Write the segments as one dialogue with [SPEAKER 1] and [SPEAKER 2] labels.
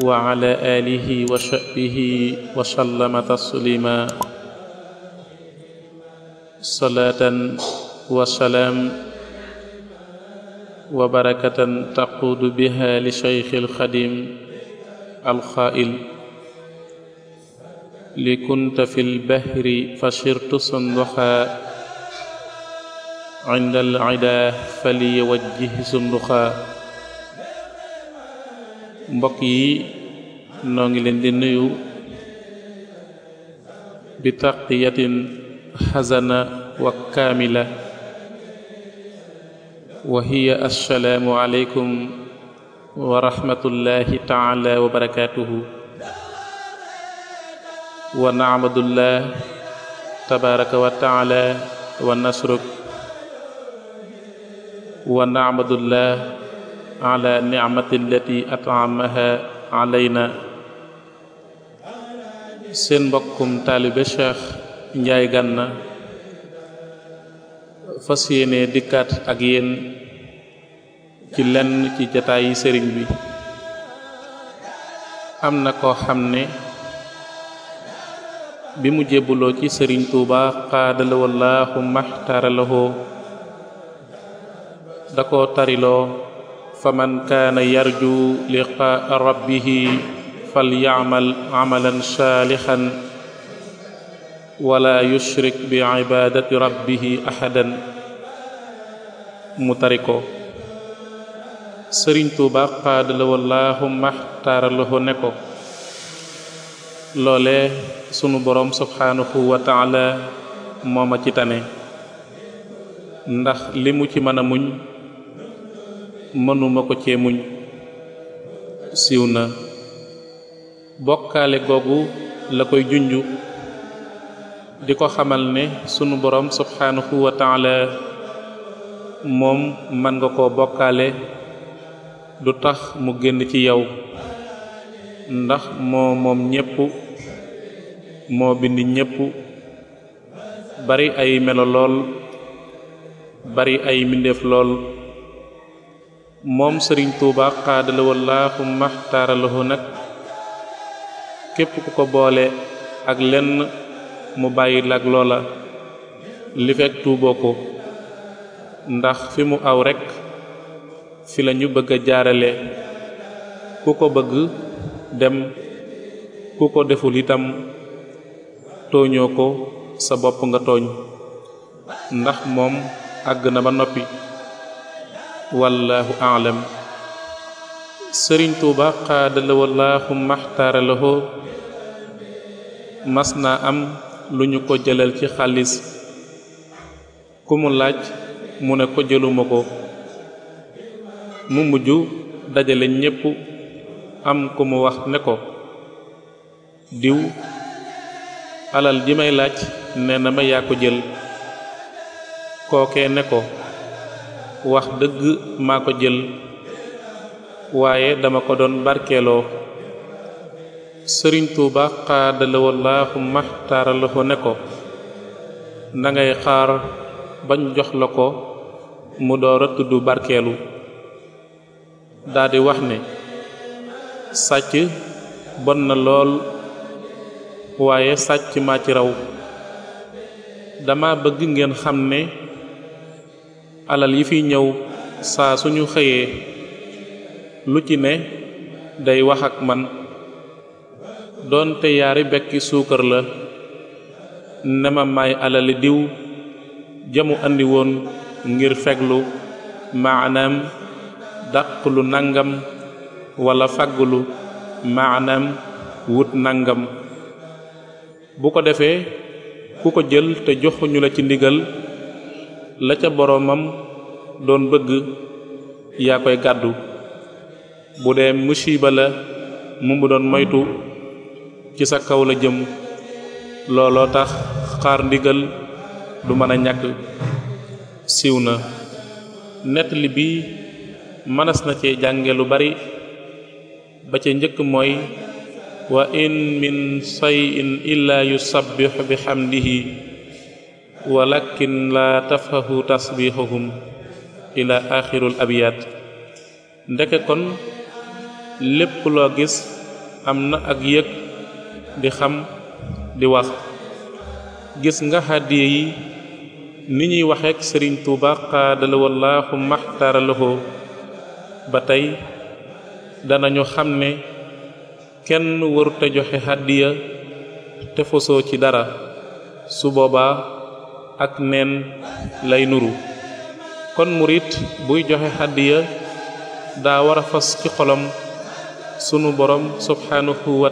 [SPEAKER 1] wa ala alihi wa sahbihi wa sallama taslima salaatan wa salaam wa barakatan taquudu biha li shaykh alxadim alxaail li kunta fi lbahri fa shirtu sunduxa inda alcida fali wajjihi sunduxa mbokk yi noo ngi leen di nuyu bi taqiyatin xasana wa kaamila wa hiya assalaamu aleykum wa taala wa barakaatuhu wa naabudullah tabaraka wa taala wa nasruk wa naabudullah ala nicmati allati atamaha alayna seen mbokkum taalibe Cheikh Njaay Gànna fas ak yéen ci lenn ci jataayi sëriñ bi am na koo xam ne bi mu jébbuloo ci sëriñ Tuuba xaadala wallaahu maxtaaralahoo da tariloo faman kaana yarju liqaa rabbihi falyacmal camalan saalixan wala yushrik bi cibaadati rabbihi ahadan mu tariko sëriñ tuuba qaadala wallaahumma axtaaralaho ne ko loole sunu boroom subhaanahu wa taala mooma ci tane ndax li mu ci mën muñ mënuma ko cee muñ siiw na bokkale googu la koy junj di ko xamal ne sunu borom subhanahu wa taala moom mën nga koo bokkale du tax mu génn ci yow ndax moo moom ñépp moo bind ñépp bari ay melo lool bari ay mbindeef lool moom sëriñ tuuba xaadala wallaahu maxtaaralahu nag képp ku ko boole ak lenn mu bàyyi lak loola li fekk tuuboo ko ndax fi mu aw rekk fi la ñu bëgg a jaarale ku ko bëgg dem ku ko deful itam tooñoo ko sa bopp nga tooñ ndax moom àgg na ba noppi wallaahu aalam sëriñ tuuba xaada la wallaahu maxtaara mas naa am lu ñu ko jëlal ci xaalis ku mu laaj mu ne ko jëluma ko mu mujj dajale ñépp am ku mu wax ne ko diw alal ji may laaj nee na ma yaa ko jël kookee ne ko wax dëgg maa ko jël waaye dama ko doon barkeeloo sëriñ tuuba xaadala wallaahu maxtaara la ko ne ko nangay xaar bañ jox la ko mu doora tudd barkeelu daldi wax ne sàcc bon na lool waaye sàcc maa ci raw dama bëgg ngeen xam ne alal yi fiy ñëw saa suñu xëyee lu ci ne day wax ak man doonte yaari bekki suukar la ne ma may diw jamu andi woon ngir feglu maanaam dàq lu walla wala fagglu maanaam wut nangam bu ko defee ku ko jël te joxuñu la ci ndigal la ca boroomam doon bëgg yaa koy gàddu bu dee musiba la mu mu doon moytu ci sa kaw la jëm looloo tax xaar ndigal du mën a ñàkk siiw na nettali bi mënas na cee jànge lu bari ba ca njëkk mooy wa in min sayin illa yusabbihu bi hamdihi walakin laa tafhahu tasbixahum ila axirul abiyat ndeke kon lépp loo gis am na ak yëg di xam di wax gis nga hadiya yi ni ñuy waxeek sëriñ tuuba xaadala wallaahu maxtaaralahoo ba tey ñu xam ne kenn warute joxe hadiya te fosoo ci dara su boobaa ak neen lay nuru kon murit buy joxe xàddiya daa war a fas ci xolam sunu borom subhaanahu wa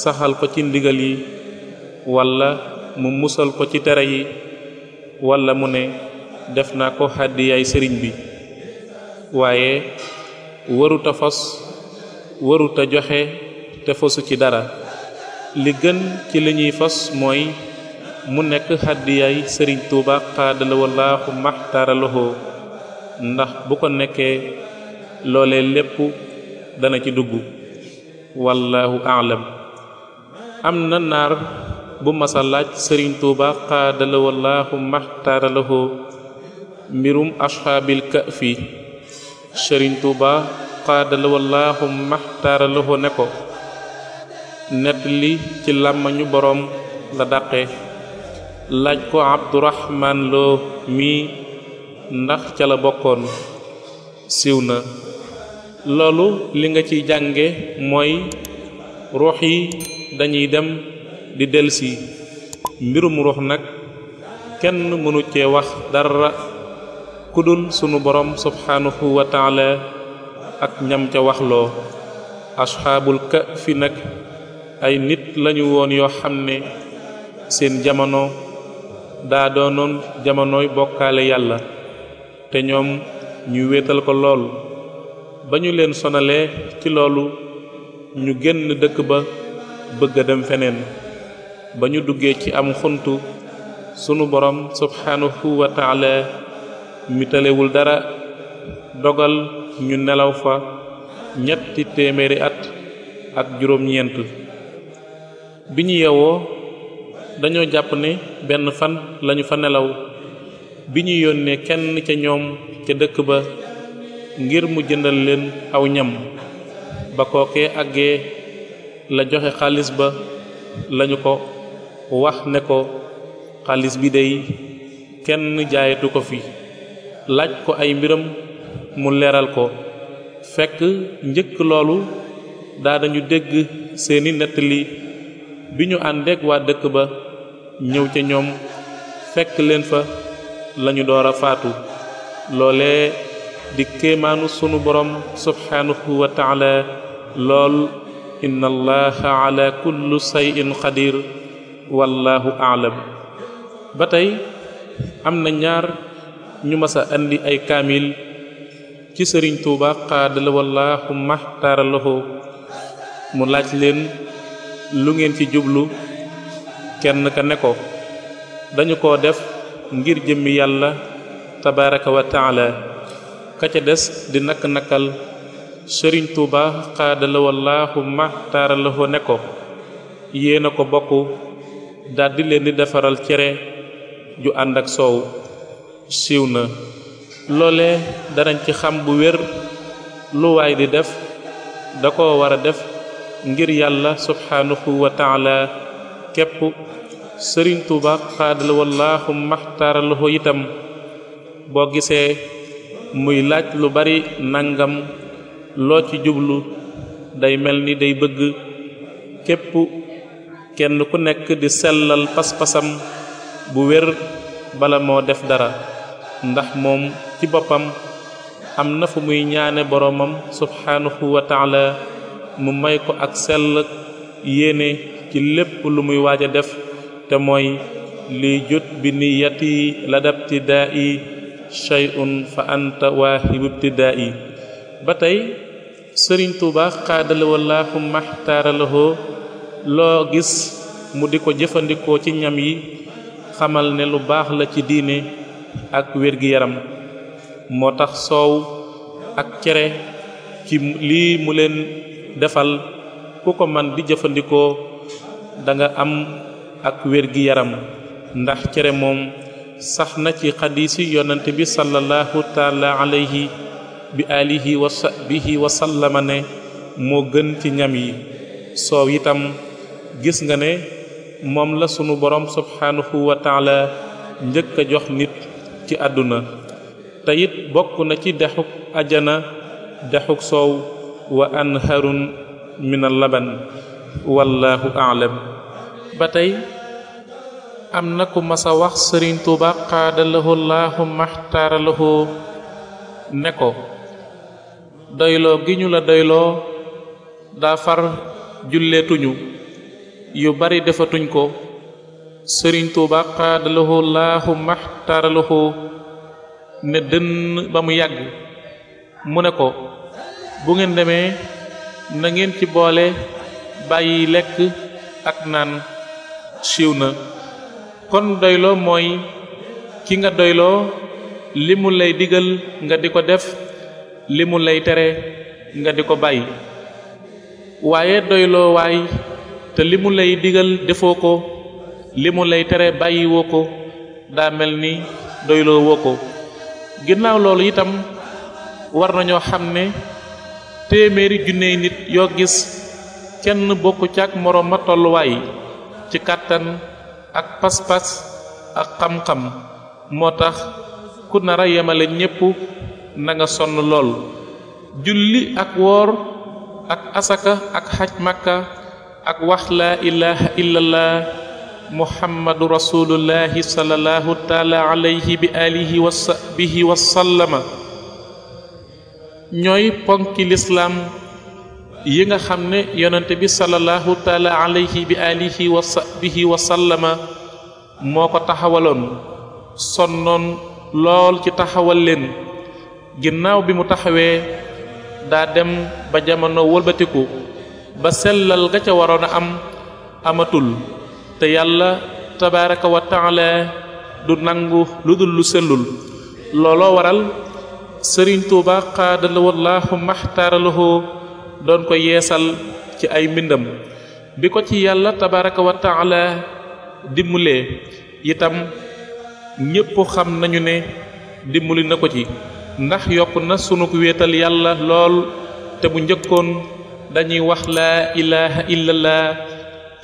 [SPEAKER 1] saxal ko ci ndigal yi walla mu musal ko ci tere yi walla mu ne def naa ko xàddiyaay sëriñ bi waaye waruta fas waruta joxe te fosu ci dara li gën ci li ñuy fas mooy mu nekk xaddiyaay sëriñ tuuba xaadala wallaahu maxtaaralahoo ndax bu ko nekkee loole lépp dana ci dugg wallaahu aalam am na naar bu masa laaj sëriñ tuuba xaadala wallaahu maxtaaralahoo mbirum ashaabil kahfi sëriñ tuuba xaadala wallaahu maxtaaralahoo ne ko nett li ci làmmañu boroom la dàqee laaj ko abdurahman loo mii ndax ca la bokkoon siiw na loolu li nga ciy jànge mooy ruux yi dañuy dem di delsi mbirum ruux nag kenn mënu cee wax dara ku dul sunu borom subhaanahu wa ak ñam ca waxloo asxaabul fi nag ay nit lañu woon yoo xam ne seen jamono daa doonoon jamonoy bokkaale yàlla te ñoom ñu wetal ko lool ba ñu leen sonalee ci loolu ñu génn dëkk ba bëgga dem feneen ba ñu duggee ci am xuntu sunu borom subhaanahu wa taala dara dogal ñu nelaw fa ñetti téeméeri at ak juróom-ñeent bi ñu yewoo dañoo jàpp ne benn fan lañu fa nelaw bi ñu yónnee kenn ca ñoom ca dëkk ba ngir mu jëndal leen aw ñam ba kookee àggee la joxe xaalis ba lañu ko wax ne ko xaalis bi dey kenn jaayatu ko fi laaj ko ay mbiram mu leeral ko fekk njëkk loolu daa dégg seeni nettali bi ñu àndeek waa dëkk ba ñëw ca ñoom fekk leen fa lañu door a faatu loolee di kéemaanu sunu boroom subhaanahu wa taala lool inna allaha ala kulli shay'in qadir wallahu aalam ba tey am na ñaar ñu masa indi ay kaamil ci sëriñ tuuba xaadala wallahu maxtaara loxo mu laaj leen lu ngeen ci jublu kenn ka ne ko dañu ko def ngir jëmmi yàlla tabaraka wa taala ka ca des di nakk nakkal sëriñ tuuba xaadala wallaahu maxtaara la ko ne ko yéena ko bokk daldi leen di defaral cere ju ànd ak soow siiw na loole danañ ci xam bu wér lu waay di def da ko war def ngir yàlla subhaanahu wa taala képp sëriñ tuuba xaadal wallaahu maxtaaralahu itam boo gisee muy laaj lu bari nangam loo ci jublu day mel ni day bëgg képp kenn ku nekk di sellal pas-pasam bu wér bala moo def dara ndax moom ci boppam am na fu muy ñaane boroomam subhaanahu wa mu may ko ak sell yéene ci lépp lu muy waaj a def te mooy li jot bi niyati ladabtidaai shay'un fa anta waahibu ibtidaai ba tey sëriñ tubaax xaadale wallaahu maxtaara loo gis mu di ko jëfandikoo ci ñam yi xamal ne lu baax la ci diine ak wér-gi-yaram moo tax soow ak cere ci lii mu leen defal ku ko man di jëfandikoo danga am ak wér-gi-yaram ndax cere moom sax na ci xadiisi yonante bi sallallahu taala alayhi bi alihi wa sahbihi wa ne moo gën ci ñam yi soow itam gis nga ne moom la sunu borom subhaanahu wa njëkk a jox nit ci àdduna te it bokk na ci dexuk ajana dexuk soow wa anharun min al laban wallahu aalam ba tey am na ku masa wax sëriñ tuuba xaadalahu laahu maxtaaralahu ne ko doyloo gi ñu la doyloo daa far julleetuñu yu bari defatuñ ko sëriñ tuuba laaxu laahu maxtaaralahu ne dënn ba mu yàgg mu ne ko bu ngeen demee na ngeen ci boole bàyyi lekk ak naan siiw na kon doyloo mooy ki nga doyloo li mu lay digal nga di ko def li mu lay tere nga di ko bàyyi waaye doyloo waay te li mu lay digal defoo ko li mu lay tere bàyyi woo ko daa mel ni doyloo woo ko ginnaaw loolu itam war nañoo xam ne téeméeri junney nit yoo gis kenn bokku ca moroom ma tolluwaay ci kàttan ak pas-pas ak xam-xam moo tax ku nar a ñépp nanga sonn lool julli ak woor ak asaka ak xaj makka ak wax laa ilaha illallah muhammadu rasulullahi sallallahu taala alayhi bi alihi wa sahbihi ñooy ponki lislaam yi nga xam ne yonente bi sallallahu taala alayhi bi alihi wa sahbihi wa sallama moo ko taxawaloon sonnoon lool ci taxawal leen ginnaaw bi mu taxawee daa dem ba jamono wëlbatiku ba sellal ga ca waroon a am amatul te yàlla tabaraka wa taala du nangu lu dul lu sellul looloo waral sëriñ tuuba qaadala wallahu maxtaaralahu doon ko yeesal ci ay mbindam bi ko ci yàlla tabaraka wa taala dimbalee itam ñépp xam nañu ne dimbali na ko ci ndax yokk na sunu wéetal yàlla lool te bu njëkkoon dañuy wax laa ilaha illallah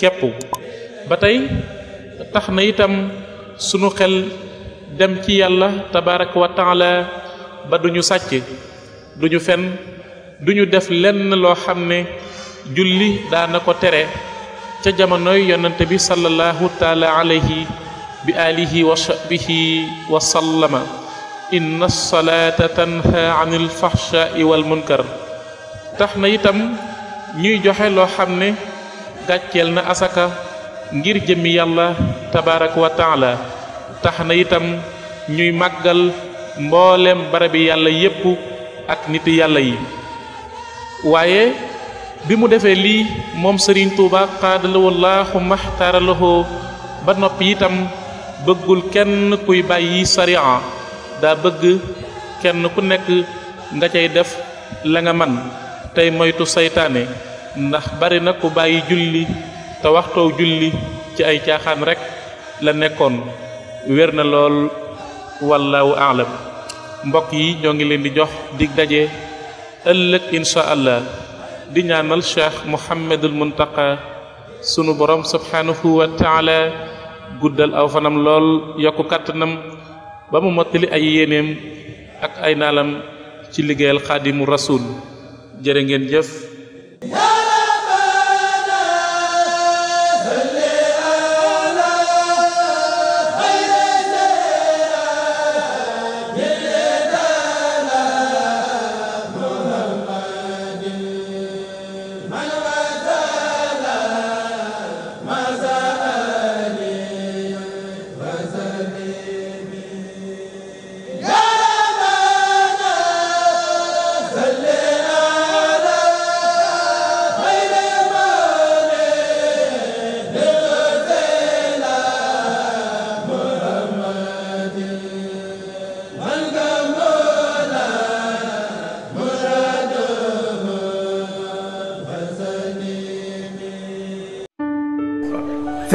[SPEAKER 1] képp ba tey tax na itam sunu xel dem ci yàlla tabaraka wa taala ba duñu sàcc duñu fen du ñu def lenn loo xam ne julli daana ko tere ca jamonoy yonante bi sallallahu taala alayhi bi alihi wa sahbihi inna salaata tanha an alfahshaai munkar tax na itam ñuy joxe loo xam ne gàcceel na asaka ngir jëmmi yàlla tabarak wa taala tax na itam ñuy màggal mboolem barabi yàlla yépp ak niti yàlla yi waaye bi mu defee lii moom sëriñ Serigne Touba xaadalawallaahu maxtaaralahoo ba noppi itam bëggul kenn kuy bàyyi sariya daa bëgg kenn ku nekk nga cay def la nga man tey moytu seytaane ndax bari na ku bàyyi julli te waxtoo julli ci ay caaxaan rekk la nekkoon wér na lool wallaahu aalam mbokk yi ñoo ngi leen di jox di daje ëllëg incha allah di ñaanal cheikh Mouhamadul Muntaqa sunu borom subhanahu wa guddal aw fanam lool yokk kàttanam ba mu mottali ay yéeneem ak ay naalam ci liggéeyal xaadimu rasul jërë ngeen jëf.